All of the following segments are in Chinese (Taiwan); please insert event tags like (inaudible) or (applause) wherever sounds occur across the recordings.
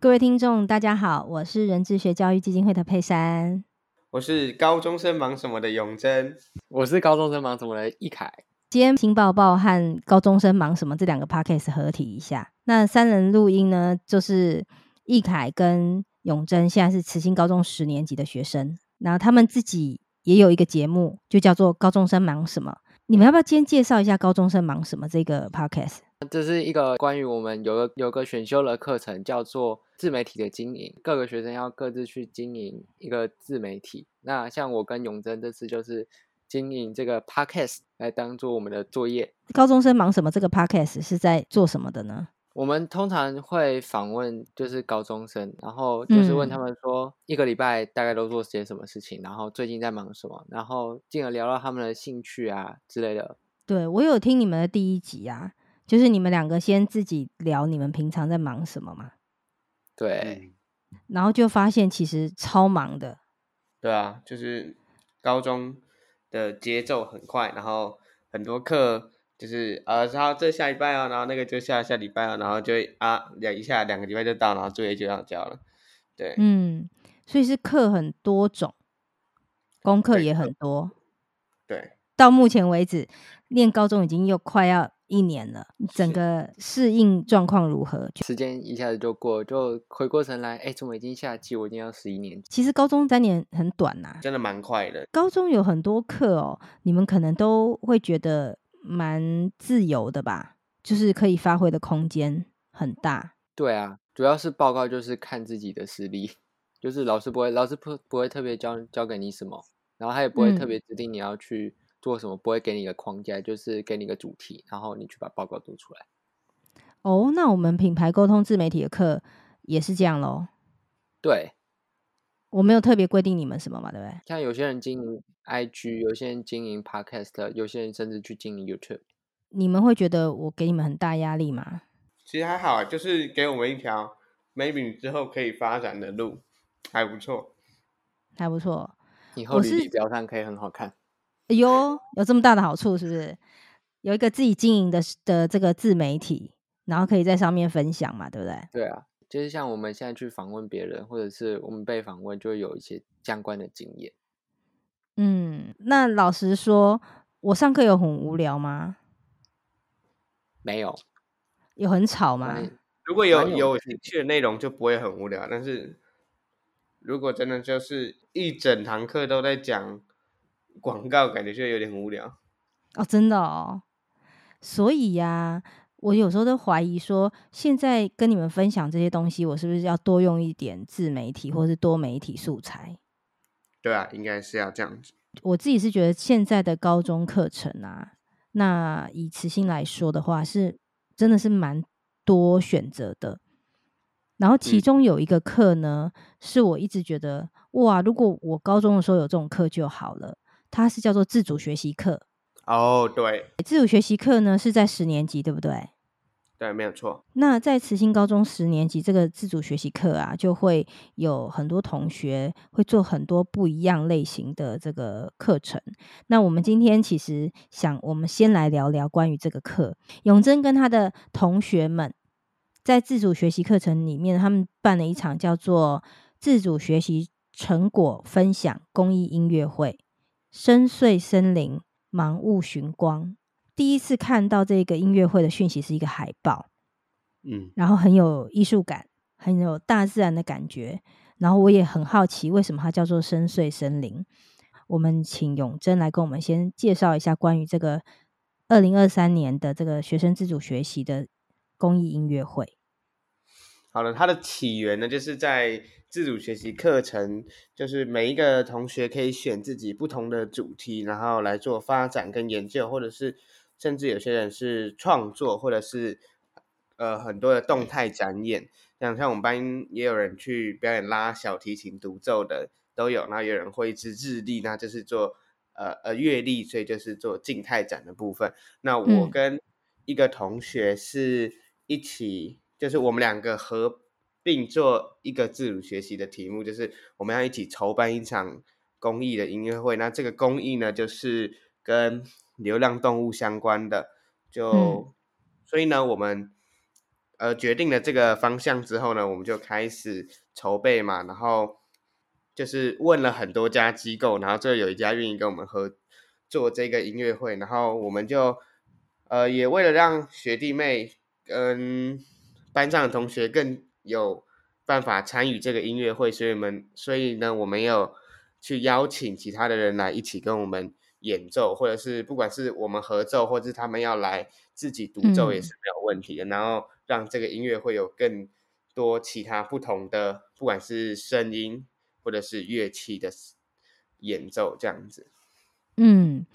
各位聽眾，大家好，我是人智學教育基金會的佩珊，我是高中生忙什麼的永真，我是高中生忙什麼的易凱。今天心抱抱和高中生忙什麼這兩個 podcast 合體一下，那三人錄音呢，就是易凱跟永真，現在是慈心高中十年級的學生，然後他們自己也有一個節目，就叫做高中生忙什麼。你們要不要今天介紹一下高中生忙什麼這個 podcast？這是一個關於我們有個有個選修的課程，叫做自媒體的經營。各個學生要各自去經營一個自媒體。那像我跟永珍這次就是經營這個 podcast 來當做我們的作業。高中生忙什麼？這個 podcast 是在做什麼的呢？我們通常會訪問就是高中生，然後就是問他們說一個禮拜大概都做些什麼事情，嗯、然後最近在忙什麼，然後進而聊到他們的興趣啊之類的。對，我有聽你們的第一集啊。就是你們兩個先自己聊，你們平常在忙什麼嘛？對。然後就發現其實超忙的。對啊，就是高中的節奏很快，然後很多課就是呃、啊，然後這下禮拜啊，然後那個就下下禮拜啊，然後就啊兩一下兩個禮拜就到，然後作業就要交了。對，嗯，所以是課很多種，功課也很多。對。對對到目前為止，念高中已經又快要。一年了，整個適應狀況如何？是就時間一下子就過，就回過神來，哎，怎麼已經夏季？我已經要十一年級。其實高中三年很短吶、啊，真的蠻快的。高中有很多課哦，你們可能都會覺得蠻自由的吧，就是可以發揮的空間很大。對啊，主要是報告就是看自己的實力，就是老師不會，老師不不會特別教教給你什麼，然後他也不會特別指定你要去。嗯做什麼，不會給你一個框架，就是給你一個主題，然後你去把報告做出來。哦，oh, 那我們品牌溝通自媒體的課也是這樣嘍。對。我沒有特別規定你們什麼嘛，對不對？像有些人經營 IG，有些人經營 Podcast，有些人甚至去經營 YouTube。你們會覺得我給你們很大壓力嗎？其實還好，就是給我們一條 maybe 之後可以發展的路，還不錯，還不錯，是以後履歷表上可以很好看。有、哎、有這麼大的好處，是不是？有一個自己經營的的這個自媒體然後可以在上面分享嘛，對不對？對啊，就是像我們現在去訪問別人，或者是我們被訪問，就會有一些相關的經驗。嗯，那老實說，我上課有很無聊嗎？沒有。有很吵嗎？如果有有有趣的內容，就不會很無聊。但是如果真的就是一整堂課都在講。廣告感覺就有點很無聊哦，真的哦，所以呀、啊，我有時候都懷疑說，現在跟你們分享這些東西，我是不是要多用一點自媒體或是多媒體素材？對啊，應該是要這樣子。我自己是覺得現在的高中課程啊，那以磁性來說的話，是真的是蠻多選擇的。然後其中有一個課呢，嗯、是我一直覺得哇，如果我高中的時候有這種課就好了。它是叫做自主學習課哦，oh，對，自主學習課呢是在十年級，對不對？對，沒有錯。那在慈心高中十年級這個自主學習課啊，就會有很多同學會做很多不一樣類型的這個課程。那我們今天其實想，我們先來聊聊關於這個課。永貞跟他的同學們在自主學習課程裡面，他們辦了一場叫做自主學習成果分享公益音樂會。深邃森林，盲目尋光。第一次看到這個音樂會的訊息是一個海報，嗯，然後很有藝術感，很有大自然的感覺。然後我也很好奇，為什麼它叫做深邃森林？我們請永珍來跟我們先介紹一下關於這個二零二三年的這個學生自主學習的公益音樂會。好了，它的起源呢，就是在自主學習課程，就是每一個同學可以選自己不同的主題，然後來做發展跟研究，或者是甚至有些人是創作，或者是呃很多的動態展演。像像我們班也有人去表演拉小提琴獨奏的都有，那有人會織日曆，那就是做呃呃月曆，所以就是做靜態展的部分。那我跟一個同學是一起、嗯。就是我們兩個合併做一個自主學習的題目，就是我們要一起籌辦一場公益的音樂會。那這個公益呢，就是跟流浪動物相關的。就、嗯、所以呢，我們呃決定了這個方向之後呢，我們就開始籌備嘛。然後就是問了很多家機構，然後這有一家願意跟我們合作這個音樂會。然後我們就呃也為了讓學弟妹跟。嗯班上的同學更有辦法參與這個音樂會，所以我們，所以呢，我們有去邀請其他的人來一起跟我們演奏，或者是不管是我們合奏，或者是他們要來自己獨奏也是沒有問題的。嗯，然後讓這個音樂會有更多其他不同的，不管是聲音或者是樂器的演奏這樣子。嗯，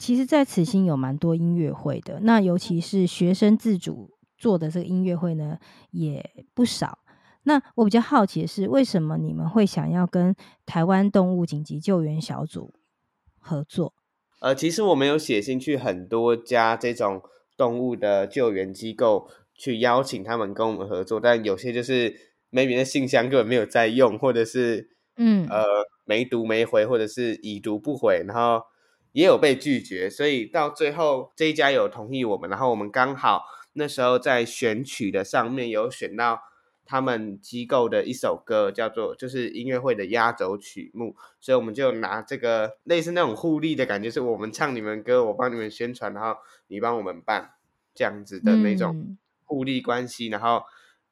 其實在此興有蠻多音樂會的，那尤其是學生自主。做的這個音樂會呢也不少。那我比較好奇的是，為什麼你們會想要跟台灣動物緊急救援小組合作？呃，其實我們有寫信去很多家這種動物的救援機構去邀請他們跟我們合作，但有些就是沒名的信箱根本沒有在用，或者是嗯呃沒讀沒回，或者是已讀不回，然後也有被拒絕。所以到最後這一家有同意我們，然後我們剛好。那時候在選曲的上面有選到他們機構的一首歌，叫做就是音樂會的壓軸曲目，所以我們就拿這個類似那種互利的感覺，是我們唱你們歌，我幫你們宣傳，然後你幫我們辦這樣子的那種互利關係，然後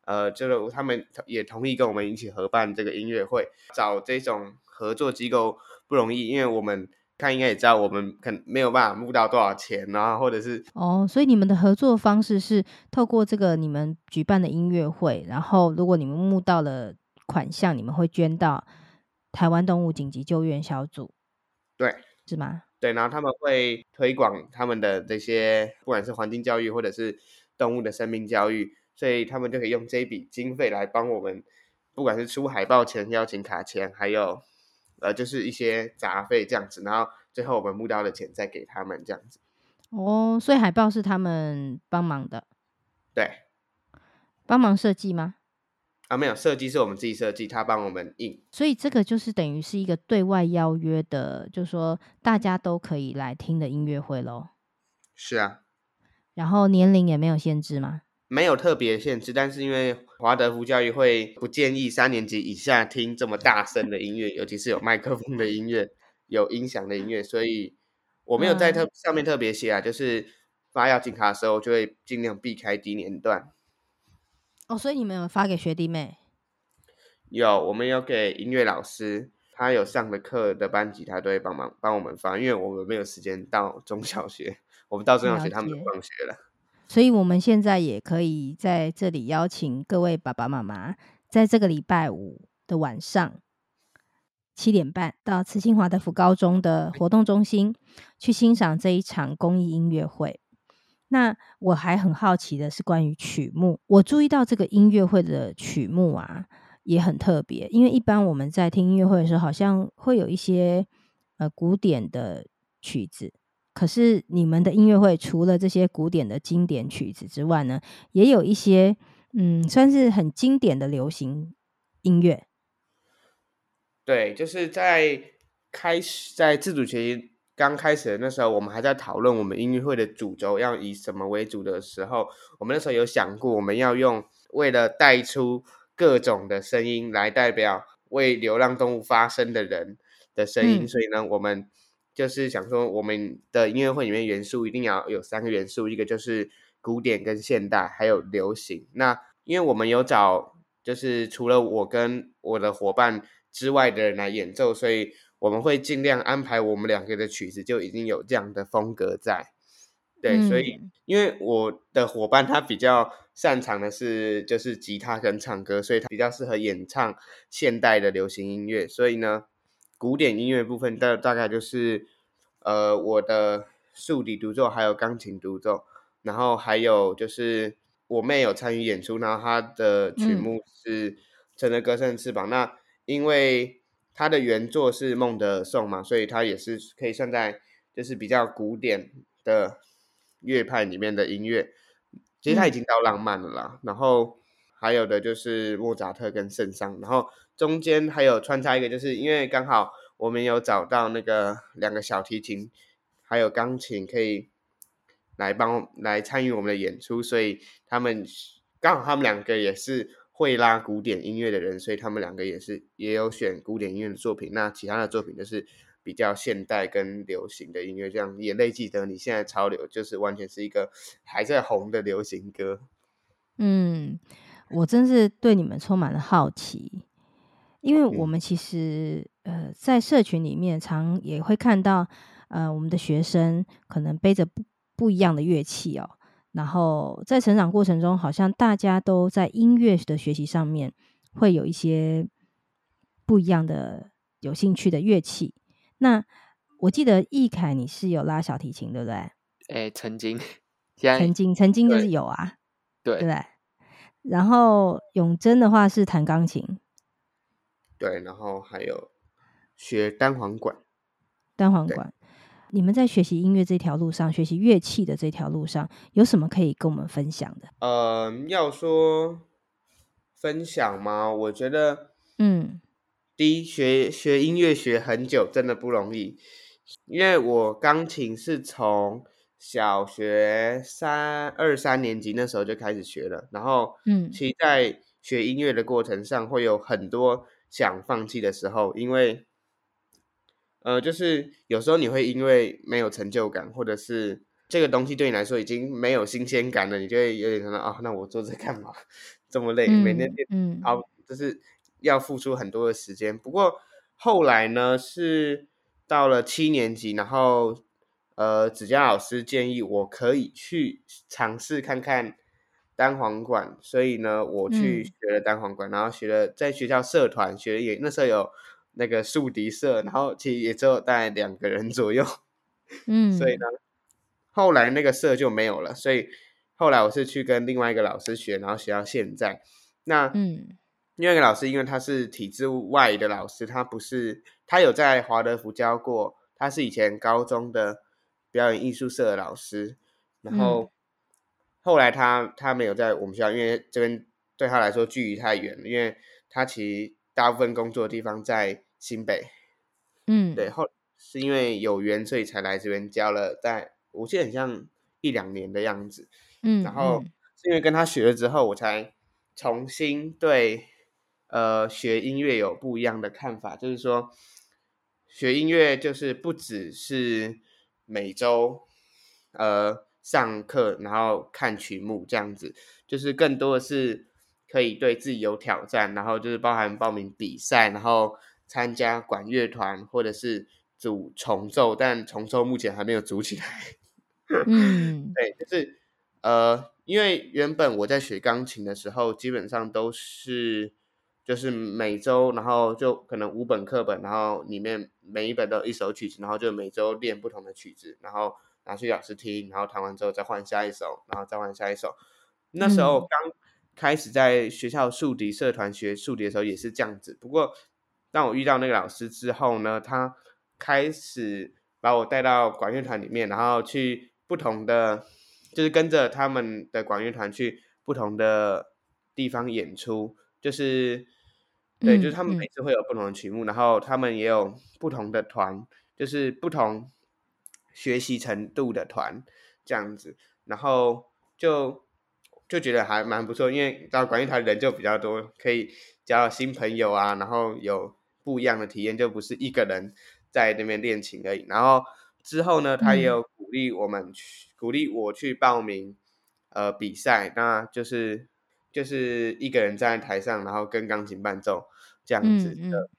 呃，就是他們也同意跟我們一起合辦這個音樂會，找這種合作機構不容易，因為我們。他應該也知道我們可能沒有辦法募到多少錢啊，或者是哦，所以你們的合作方式是透過這個你們舉辦的音樂會，然後如果你們募到了款項，你們會捐到台灣動物緊急救援小組，對，是嗎？對，然後他們會推廣他們的這些，不管是環境教育或者是動物的生命教育，所以他們就可以用這筆經費來幫我們，不管是出海報錢、邀請卡錢，還有。呃，就是一些雜費這樣子，然後最後我們募到的錢再給他們這樣子。哦，所以海報是他們幫忙的，對，幫忙設計嗎？啊，沒有，設計是我們自己設計，他幫我們印。所以這個就是等於是一個對外邀約的，就說大家都可以來聽的音樂會嘍。是啊。然後年齡也沒有限制嗎？沒有特別限制，但是因為華德福教育會不建議三年級以下聽這麼大聲的音樂，尤其是有麥克風的音樂、有音響的音樂，所以我沒有在特，嗯，上面特別寫啊。就是發邀請卡的時候，我就會儘量避開低年段。哦，所以你們有發給學弟妹？有，我們有給音樂老師，他有上的課的班級，他都會幫忙幫我們發，因為我們沒有時間到中小學。我們到中小學，他們就放學了。所以，我們現在也可以在這裡邀請各位爸爸媽媽，在這個禮拜五的晚上七點半，到慈心華德福高中的活動中心去欣賞這一場公益音樂會。那我還很好奇的是關於曲目，我注意到這個音樂會的曲目啊，也很特別，因為一般我們在聽音樂會的時候，好像會有一些呃古典的曲子。可是你們的音樂會除了這些古典的經典曲子之外呢，也有一些嗯，算是很經典的流行音樂。對，就是在開始在自主學習剛開始的那時候，我們還在討論我們音樂會的主軸要以什麼為主的時候，我們那時候有想過我們要用為了帶出各種的聲音來代表為流浪動物發聲的人的聲音，嗯、所以呢，我們。就是想說，我們的音樂會裡面元素一定要有三個元素，一個就是古典跟現代，還有流行。那因為我們有找，就是除了我跟我的夥伴之外的人來演奏，所以我們會盡量安排我們兩個的曲子，就已經有這樣的風格在。對，所以因為我的夥伴他比較擅長的是就是吉他跟唱歌，所以他比較適合演唱現代的流行音樂。所以呢。古典音樂部分大大概就是，呃，我的豎笛獨奏，還有鋼琴獨奏，然後還有就是我妹有參與演出，然後她的曲目是《乘著歌聲的翅膀》，嗯、那因為她的原作是《孟德爾頌》嘛，所以她也是可以算在就是比較古典的樂派裡面的音樂，其實她已經到浪漫了啦，嗯、然後。還有的就是莫扎特、跟聖桑，然後中間還有穿插一個，就是因為剛好我們有找到那個兩個小提琴，還有鋼琴可以來幫來參與我們的演出，所以他們剛好他們兩個也是會拉古典音樂的人，所以他們兩個也是也有選古典音樂的作品。那其他的作品就是比較現代跟流行的音樂，這樣也類積的你現在潮流就是完全是一個還在紅的流行歌，嗯。我真是對你們充滿了好奇，因為我們其實呃，在社群裡面常也會看到，呃，我們的學生可能背着不不一樣的樂器哦，然後在成長過程中，好像大家都在音樂的學習上面會有一些不一樣的有興趣的樂器。那我記得易凱你是有拉小提琴，對不對？哎，曾經，曾經，曾經就是有啊，對，對。對不對然後永真的話是彈鋼琴，對，然後還有學單簧管。單簧管，對你們在學習音樂這條路上，學習樂器的這條路上，有什麼可以跟我們分享的？嗯、呃，要說分享嗎？我覺得，嗯，第一，嗯、學學音樂學很久真的不容易，因為我鋼琴是從。小學三二三年級那時候就開始學了，然後，嗯，其實在學音樂的過程上會有很多想放棄的時候，因為，呃，就是有時候你會因為沒有成就感，或者是這個東西對你來說已經沒有新鮮感了，你就會有點想啊、哦，那我做這幹嘛？這麼累，每天嗯，好、嗯，就是要付出很多的時間。不過後來呢，是到了七年級，然後。呃，子江老師建議我可以去嘗試看看單簧管，所以呢，我去學了單簧管，嗯、然後學了在學校社團學了也，也那時候有那個豎笛社，然後其實也只有大概兩個人左右，嗯，所以呢，後來那個社就沒有了，所以後來我是去跟另外一個老師學，然後學到現在。那嗯，另外一個老師因為他是體制外的老師，他不是他有在華德福教過，他是以前高中的。表演藝術社的老師，然後、嗯、後來他他沒有在我們學校，因為這邊對他來說距離太遠了。因為他其實大部分工作的地方在新北，嗯，對，後是因為有緣，所以才來這邊教了在，但我記得很像一兩年的樣子，嗯，嗯，然後是因為跟他學了之後，我才重新對呃學音樂有不一樣的看法，就是說學音樂就是不只是。每週，呃，上課，然後看曲目，這樣子，就是更多的是可以對自己有挑戰，然後就是包含報名比賽，然後參加管樂團或者是組重奏，但重奏目前還沒有組起來。 (laughs) 嗯。對，就是呃，因為原本我在學鋼琴的時候，基本上都是。就是每週，然後就可能五本課本，然後裡面每一本都有一首曲子，然後就每週練不同的曲子，然後拿去老師聽，然後彈完之後再換下一首，然後再換下一首。那時候剛開始在學校豎笛社團學豎笛的時候也是這樣子，不過當我遇到那個老師之後呢，他開始把我帶到管樂團裡面，然後去不同的，就是跟着他們的管樂團去不同的地方演出，就是。對，就是他們每次會有不同的曲目，嗯嗯、然後他們也有不同的團，就是不同學習程度的團這樣子，然後就就覺得還蠻不錯，因為到管樂團人就比較多，可以交新朋友啊，然後有不一樣的體驗，就不是一個人在那邊練琴而已。然後之後呢，他也有鼓勵我們去，嗯、鼓勵我去報名呃比賽，那就是。就是一個人站在台上，然後跟鋼琴伴奏這樣子的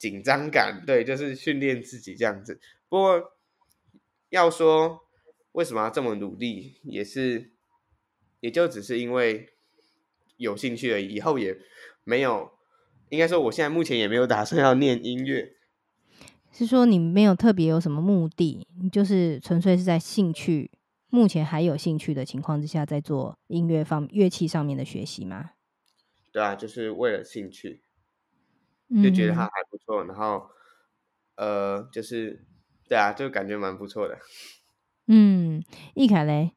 緊張感，嗯嗯，對，就是訓練自己這樣子。不過要說為什麼要這麼努力，也是也就只是因為有興趣而已。以後也沒有，應該說我現在目前也沒有打算要念音樂。是說你沒有特別有什麼目的，就是純粹是在興趣，目前還有興趣的情況之下，在做音樂方樂器上面的學習嗎？對啊，就是為了興趣，就覺得他還不錯，嗯、然後，呃，就是對啊，就感覺蠻不錯的。嗯，易凱雷。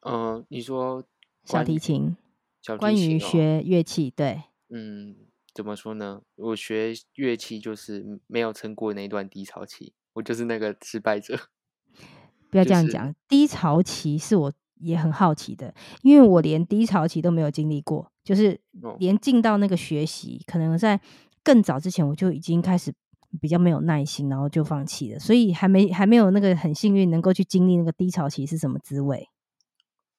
嗯、呃，你說小提琴？小提琴，哦。關於學樂器，對。嗯，怎麼說呢？我學樂器就是沒有撐過那一段低潮期，我就是那個失敗者。不要這樣講，就是、低潮期是我也很好奇的，因為我連低潮期都沒有經歷過，就是連進到那個學習，哦、可能在更早之前我就已經開始比較沒有耐心，然後就放棄了，所以還沒還沒有那個很幸運能夠去經歷那個低潮期是什麼滋味。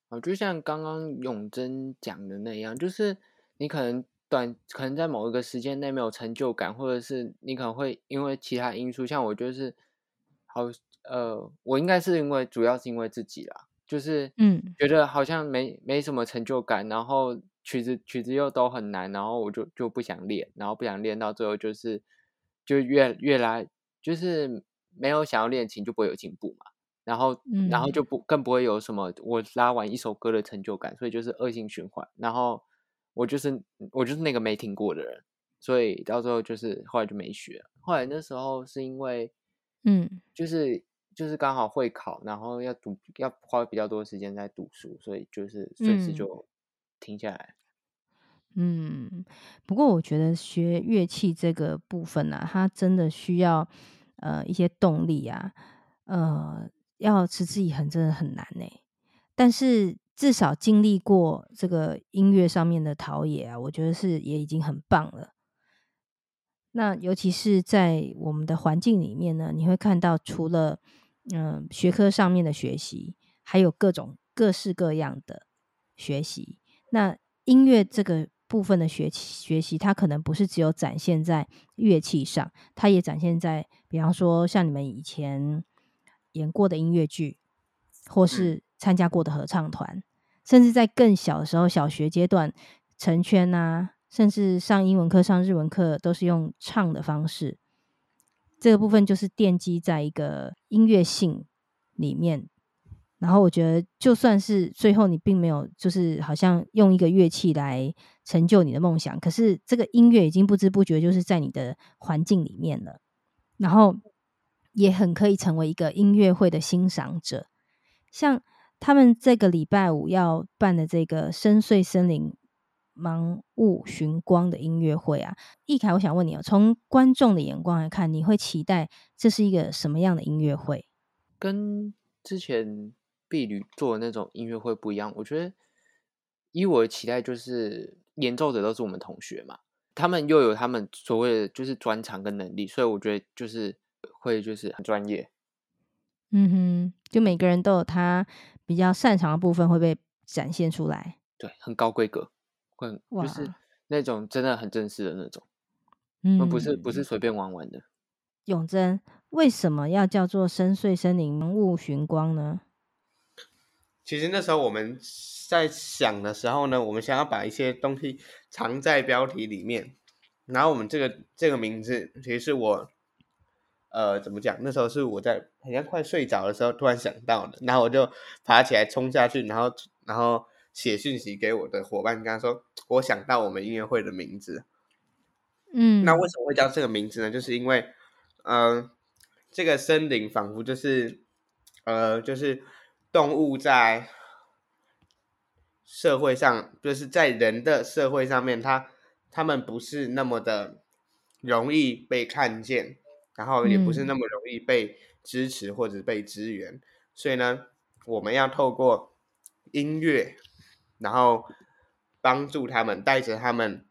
哦，就像剛剛永貞講的那樣，就是你可能短，可能在某一個時間內沒有成就感，或者是你可能會因為其他因素，像我就是好。呃，我應該是因為主要是因為自己啦，就是嗯，覺得好像沒、嗯、沒什麼成就感，然後曲子曲子又都很難，然後我就就不想練，然後不想練到最後就是就越越來就是沒有想要練琴就不會有進步嘛，然後然後就不、嗯、更不會有什麼我拉完一首歌的成就感，所以就是惡性循環，然後我就是我就是那個沒聽過的人，所以到最後就是後來就沒學，後來那時候是因為嗯，就是。就是剛好會考，然後要讀，要花比較多的時間在讀書，所以就是隨時就停下來。嗯，嗯，不過我覺得學樂器這個部分啊，它真的需要呃一些動力啊，呃要持之以恆，真的很難呢，欸。但是至少經歷過這個音樂上面的陶冶啊，我覺得是也已經很棒了。那尤其是在我們的環境裡面呢，你會看到除了嗯，學科上面的學習，還有各種各式各樣的學習。那音樂這個部分的學學習，它可能不是只有展現在樂器上，它也展現在，比方說像你們以前演過的音樂劇，或是參加過的合唱團，甚至在更小的時候，小學階段，成圈啊，甚至上英文課、上日文課，都是用唱的方式。這個部分就是奠基在一個音樂性裡面，然後我覺得就算是最後你並沒有就是好像用一個樂器來成就你的夢想，可是這個音樂已經不知不覺就是在你的環境裡面了，然後也很可以成為一個音樂會的欣賞者，像他們這個禮拜五要辦的這個深邃森林，盲物尋光的音樂會啊，易凱，我想問你哦，從觀眾的眼光來看，你會期待這是一個什麼樣的音樂會？跟之前婢女做的那種音樂會不一樣。我覺得，以我的期待，就是演奏者都是我們同學嘛，他們又有他們所謂的就是專長跟能力，所以我覺得就是會就是很專業。嗯哼，就每個人都有他比較擅長的部分會被展現出來，對，很高規格。很，就是那種真的很正式的那種，嗯，不，不是不是隨便玩玩的。嗯嗯、永真為什麼要叫做深邃森林霧尋光呢？其實那時候我們在想的時候呢，我們想要把一些東西藏在標題裡面，然後我們這個這個名字其實是我，呃，怎麼講？那時候是我在好像快睡着的時候突然想到的，然後我就爬起來衝下去，然後然後，寫訊息給我的伙伴，跟他說：“我想到我們音樂會的名字，嗯，那為什麼會叫這個名字呢？就是因為，呃，這個森林仿佛就是，呃，就是動物在社會上，就是在人的社會上面，它它們不是那麼的容易被看見，然後也不是那麼容易被支持或者被支援，嗯，所以呢，我們要透過音樂。”然後幫助他們，帶着他們，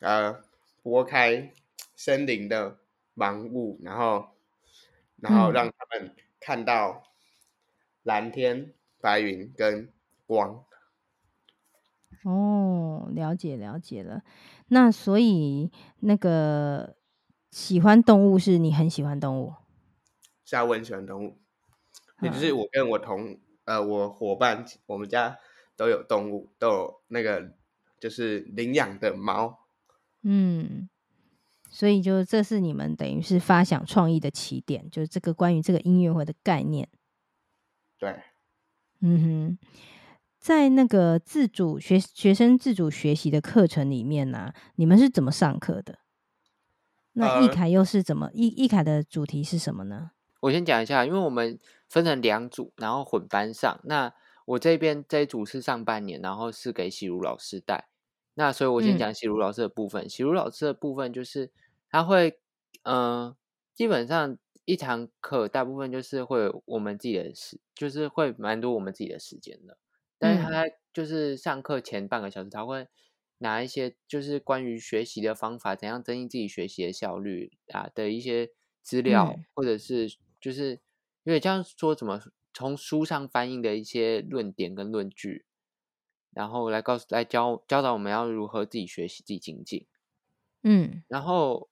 呃，撥開森林的盲霧，然後，然後讓他們看到藍天、嗯、白雲跟光。哦，了解了解了。那所以那個喜歡動物是你很喜歡動物？夏文喜歡動物。嗯、也就是我跟我同呃，我夥伴，我們家。都有動物，都有那個就是領養的貓。嗯，所以就這是你們等於是發想創意的起點，就是這個關於這個音樂會的概念。對，嗯哼。在那個自主學、學生自主學習的課程裡面呢、啊，你們是怎麼上課的？那易凱又是怎麼易易、嗯、凱的主題是什麼呢？我先講一下，因為我們分成兩組，然後混班上那。我這邊這一組是上半年，然後是給喜如老師帶，那所以我先講喜如老師的部分。嗯、喜如老師的部分就是他會，嗯、呃，基本上一堂課大部分就是會我們自己的時，就是會蠻多我們自己的時間的。但是他就是上課前半個小時，他會拿一些就是關於學習的方法，怎樣增進自己學習的效率啊的一些資料，嗯、或者是就是因為這樣說怎麼？從書上翻譯的一些論點跟論據，然後來告訴、來教教導我們要如何自己學習、自己精進。嗯，然後，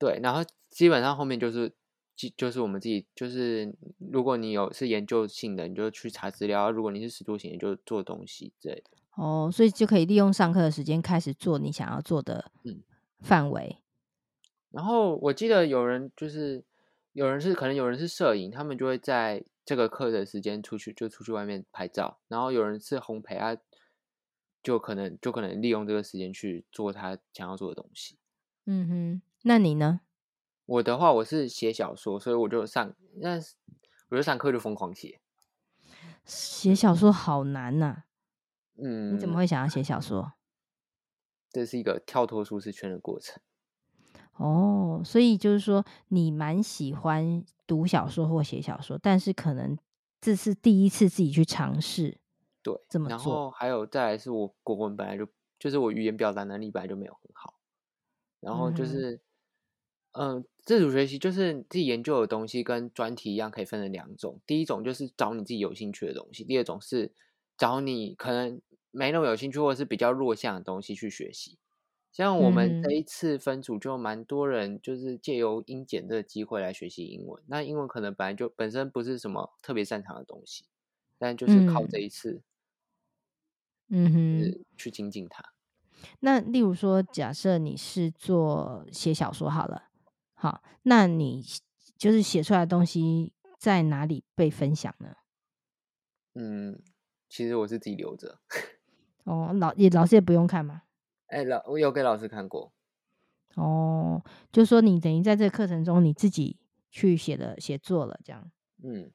對，然後基本上後面就是，就就是我們自己就是，如果你有是研究性的，你就去查資料；如果你是實作型的，就做東西之類的。哦，所以就可以利用上課的時間開始做你想要做的範圍。嗯、然後我記得有人就是。有人是可能有人是攝影，他們就會在這個課的時間出去就出去外面拍照。然後有人是烘焙啊，就可能就可能利用這個時間去做他想要做的東西。嗯哼，那你呢？我的話，我是寫小說，所以我就上那我就上課就瘋狂寫。寫小說好難吶，啊！嗯，你怎麼會想要寫小說？這是一個跳脫舒適圈的過程。哦，oh, 所以就是說你蠻喜歡讀小說或寫小說，但是可能這是第一次自己去嘗試，對，怎麼做。然後還有再來是我國文本來就，就是我語言表達能力本來就沒有很好，然後就是嗯、呃，自主學習就是自己研究的東西跟專題一樣，可以分成兩種，第一種就是找你自己有興趣的東西，第二種是找你可能沒那麼有興趣或者是比較弱項的東西去學習。像我們這一次分組，就蠻多人就是借由英檢這個機會來學習英文。嗯、那英文可能本來就本身不是什麼特別擅長的東西，但就是靠這一次，嗯哼，去精進它。嗯、那例如說，假設你是做寫小說好了，好，那你就是寫出來的東西在哪裡被分享呢？嗯，其實我是自己留着。哦，老也老師也不用看嘛？哎，老、欸，我有給老師看過哦，就說你等於在這個課程中你自己去寫的寫作了，這樣嗯，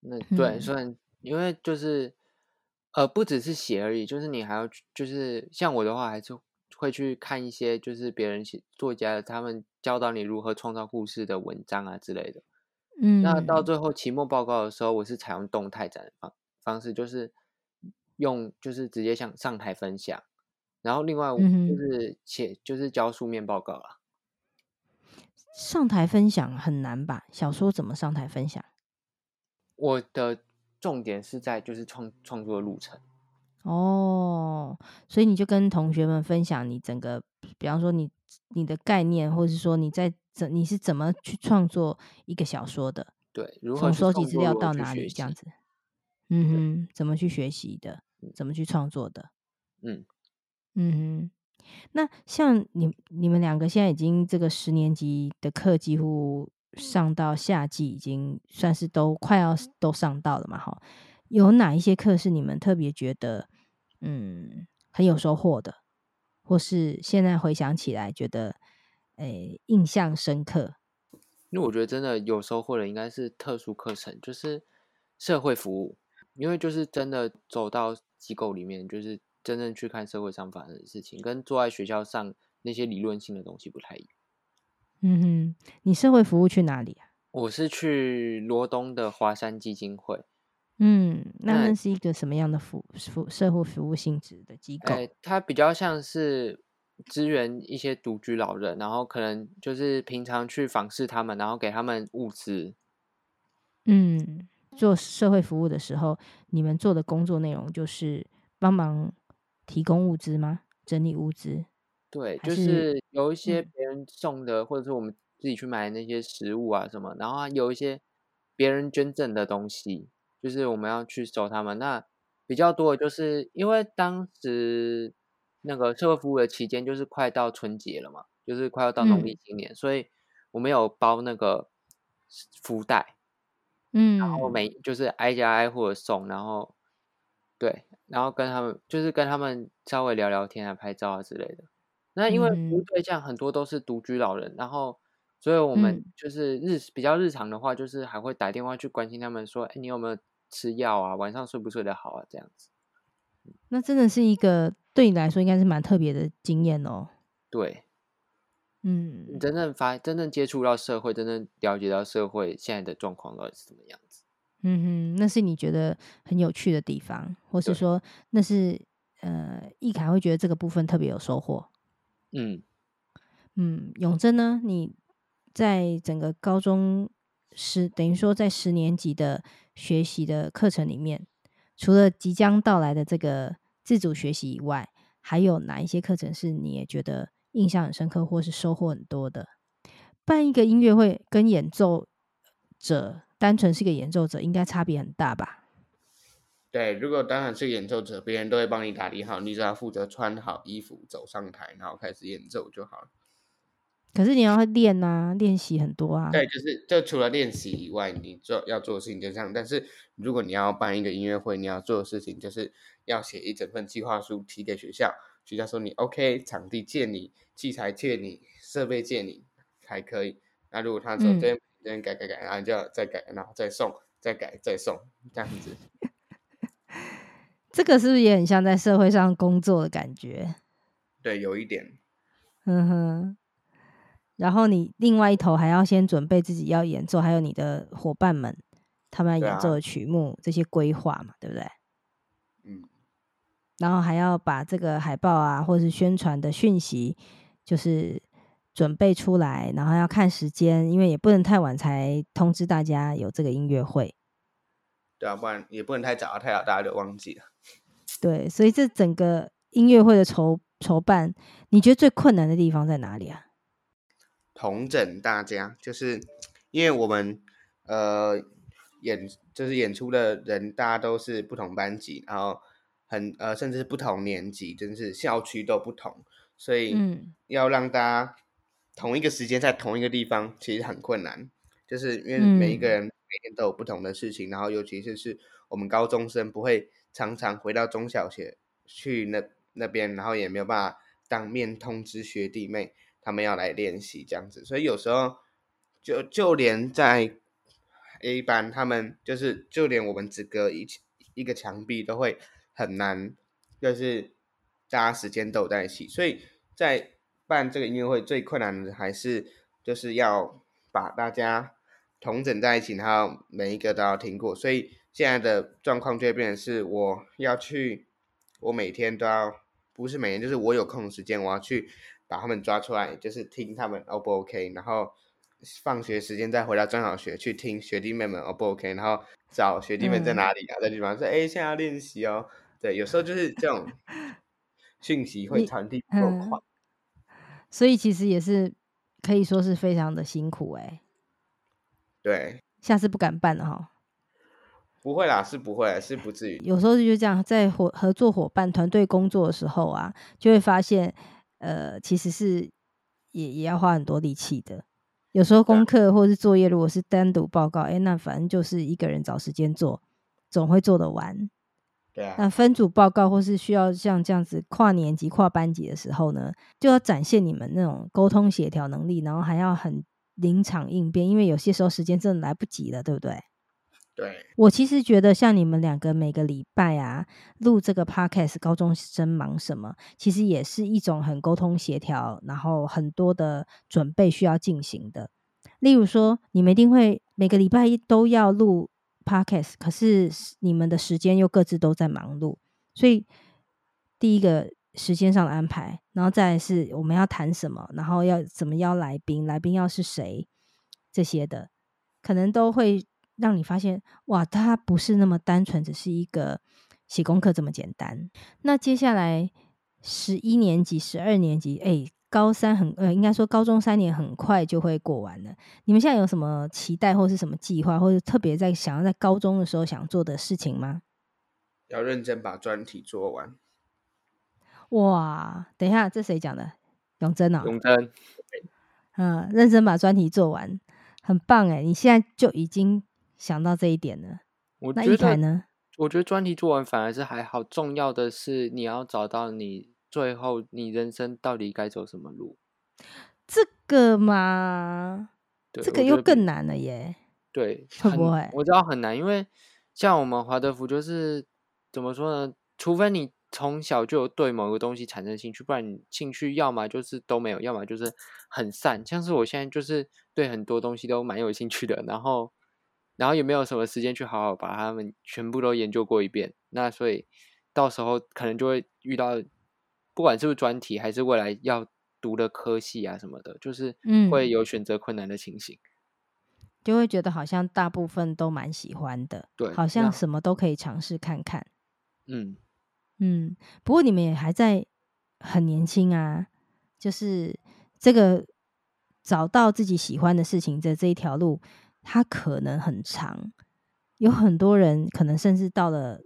那對，所以、嗯，因為就是呃不只是寫而已，就是你還要就是像我的話，還是會去看一些就是別人寫作家的他們教導你如何創造故事的文章啊之類的，嗯，那到最後期末報告的時候，我是採用動態展方方式，就是用就是直接向上台分享。然後，另外就是寫，嗯、哼就是交書面報告了、啊。上台分享很難吧？小說怎麼上台分享？我的重點是在就是創創作的路程。哦，所以你就跟同學們分享你整個，比，比方說你你的概念，或者是說你在怎你是怎麼去創作一個小說的？對，如果是從收集資料到哪裡這樣子？嗯哼，對怎麼去學習的？怎麼去創作的？嗯。嗯哼，那像你你們兩個現在已經這個十年級的課幾乎上到夏季，已經算是都快要都上到了嘛？哈，有哪一些課是你們特別覺得嗯很有收穫的，或是現在回想起來覺得誒、欸、印象深刻？因為我覺得真的有收穫的應該是特殊課程，就是社會服務，因為就是真的走到機構裡面就是。真正去看社會上發生的事情，跟坐在學校上那些理論性的東西不太一樣。嗯哼，你社會服務去哪裡啊？我是去羅東的華山基金會。嗯，那那是一個什麼樣的服服那社會服務性質的機構？哎，它比較像是支援一些獨居老人，然後可能就是平常去訪視他們，然後給他們物資。嗯，做社會服務的時候，你們做的工作內容就是幫忙。提供物資嗎？整理物資？對，是就是有一些別人送的，嗯、或者是我們自己去買的那些食物啊什麼，然後有一些別人捐贈的東西，就是我們要去收他們。那比較多的就是因為當時那個社會服務的期間就是快到春節了嘛，就是快要到農曆新年，嗯、所以我們有包那個福袋，嗯，然後每就是挨家挨戶的送，然後。對，然後跟他們就是跟他們稍微聊聊天啊、拍照啊之類的。那因為服務對象很多都是獨居老人，嗯、然後所以我們就是日、嗯、比較日常的話，就是還會打電話去關心他們說，說哎，你有沒有吃藥啊？晚上睡不睡得好啊？這樣子。那真的是一個對你來說應該是蠻特別的經驗哦。對，嗯，真正發真正接觸到社會，真正了解到社會現在的狀況到底是怎麼樣的。嗯哼，那是你覺得很有趣的地方，或是說對那是呃易凱會覺得這個部分特別有收穫。嗯嗯，永真呢？你在整個高中十等於說在十年級的學習的課程裡面，除了即將到來的這個自主學習以外，還有哪一些課程是你也覺得印象很深刻，或是收穫很多的？辦一個音樂會跟演奏者，單純是個演奏者，應該差別很大吧？對，如果當然是演奏者，別人都會幫你打理好，你只要負責穿好衣服走上台，然後開始演奏就好了。可是你要練啊，練習很多啊。對，就是就除了練習以外，你做要做的事情就是這樣。但是如果你要辦一個音樂會，你要做的事情就是要寫一整份計劃書提給學校，學校說你 OK，場地借你，器材借你，設備借你才可以。那如果他首先先改改改，然後就再改，然後再送，再改再送，這樣子。 (laughs) 這個是不是也很像在社會上工作的感覺？對，有一點。嗯哼。然後你另外一頭還要先準備自己要演奏，還有你的夥伴們他們要演奏的曲目，對啊，這些規劃嘛，對不對？嗯。然後還要把這個海報啊，或者是宣傳的訊息，就是。準備出來，然後要看時間，因為也不能太晚才通知大家有這個音樂會。對啊，不然也不能太早啊，太早大家就忘記了。對，所以這整個音樂會的籌籌辦，你覺得最困難的地方在哪裡啊？統整大家，就是因為我們呃演就是演出的人，大家都是不同班級，然後很呃甚至是不同年級，真、就是校區都不同，所以要讓大家。嗯。同一個時間在同一個地方其實很困難，就是因為每一個人每天都有不同的事情，嗯，然後尤其是是我們高中生不會常常回到中小學去那那邊，然後也沒有辦法當面通知學弟妹他們要來練習這樣子，所以有時候就就連在 A 班，他們就是就連我們只隔一一個牆壁都會很難，就是大家時間都有在一起，所以在。辦這個音樂會最困難的還是，就是要把大家統整在一起，然後每一個都要聽過。所以現在的狀況就會變成是，我要去，我每天都要，不是每天，就是我有空的時間我要去把他們抓出來，就是聽他們 O 不 OK，然後放學時間再回到中小學去聽學弟妹們 O 不 OK，然後找學弟妹在哪裡啊？這地方說哎，現在要練習哦。對，有時候就是這種訊息會傳遞不夠快。所以其實也是可以說是非常的辛苦哎、欸。對，下次不敢辦了哈、哦。不會啦，是不會，是不至於。有時候就這樣，在和合作夥伴团隊工作的時候啊，就會發現，呃，其實是也也要花很多力氣的。有時候功課或是作業如果是單獨報告，哎對，那反正就是一個人找時間做，總會做得完。那分組報告或是需要像這樣子跨年級、跨班級的時候呢，就要展現你們那種溝通協調能力，然後還要很臨場應變，因為有些時候時間真的來不及了，對不對？對。我其實覺得像你們兩個每個禮拜啊錄這個 podcast，高中生忙什麼，其實也是一種很溝通協調，然後很多的準備需要進行的。例如說，你們一定會每個禮拜一都要錄。Podcast，可是你們的時間又各自都在忙碌，所以第一個時間上的安排，然後再是我們要談什麼，然後要怎麼邀來賓，來賓要是誰，這些的，可能都會讓你發現，哇，它不是那麼單純，只是一個寫功課這麼簡單。那接下來十一年級、十二年級，哎、欸。高三很呃，應該說高中三年很快就會過完了。你們現在有什麼期待，或是什麼計劃，或者特別在想要在高中的時候想做的事情嗎？要認真把專題做完。哇，等一下，這誰講的？永貞啊，永貞。嗯，認真把專題做完，很棒哎！你現在就已經想到這一點了。我覺得那一台呢？我覺得專題做完反而是還好，重要的是你要找到你。最後，你人生到底該走什麼路？這個嘛，對這個又更難了耶。對，會我知道很難，因為像我們華德福就是怎麼說呢？除非你從小就有對某個東西產生興趣，不然你興趣要麼就是都沒有，要麼就是很散。像是我現在就是對很多東西都蠻有興趣的，然後，然後也沒有什麼時間去好好把他們全部都研究過一遍。那所以到時候可能就會遇到。不管是不是專題，還是未來要讀的科系啊什麼的，就是會有選擇困難的情形。嗯，就會覺得好像大部分都蠻喜歡的，對，好像什麼都可以嘗試看看。嗯嗯，不過你們也還在很年輕啊，就是這個找到自己喜歡的事情在這一條路，它可能很長，有很多人可能甚至到了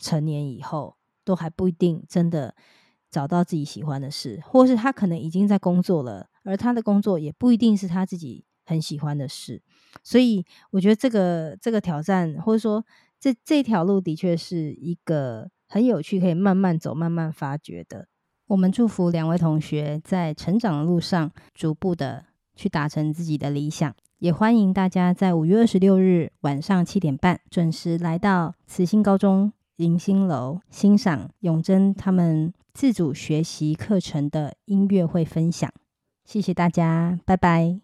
成年以後，都還不一定真的。找到自己喜歡的事，或是他可能已經在工作了，而他的工作也不一定是他自己很喜歡的事。所以，我覺得這個這個挑戰，或者說這這條路，的確是一個很有趣，可以慢慢走、慢慢發掘的。我們祝福兩位同學在成長的路上，逐步的去達成自己的理想。也歡迎大家在五月二十六日晚上七點半準時來到慈心高中。迎新樓欣賞永珍他們自主學習課程的音樂會分享，謝謝大家，拜拜。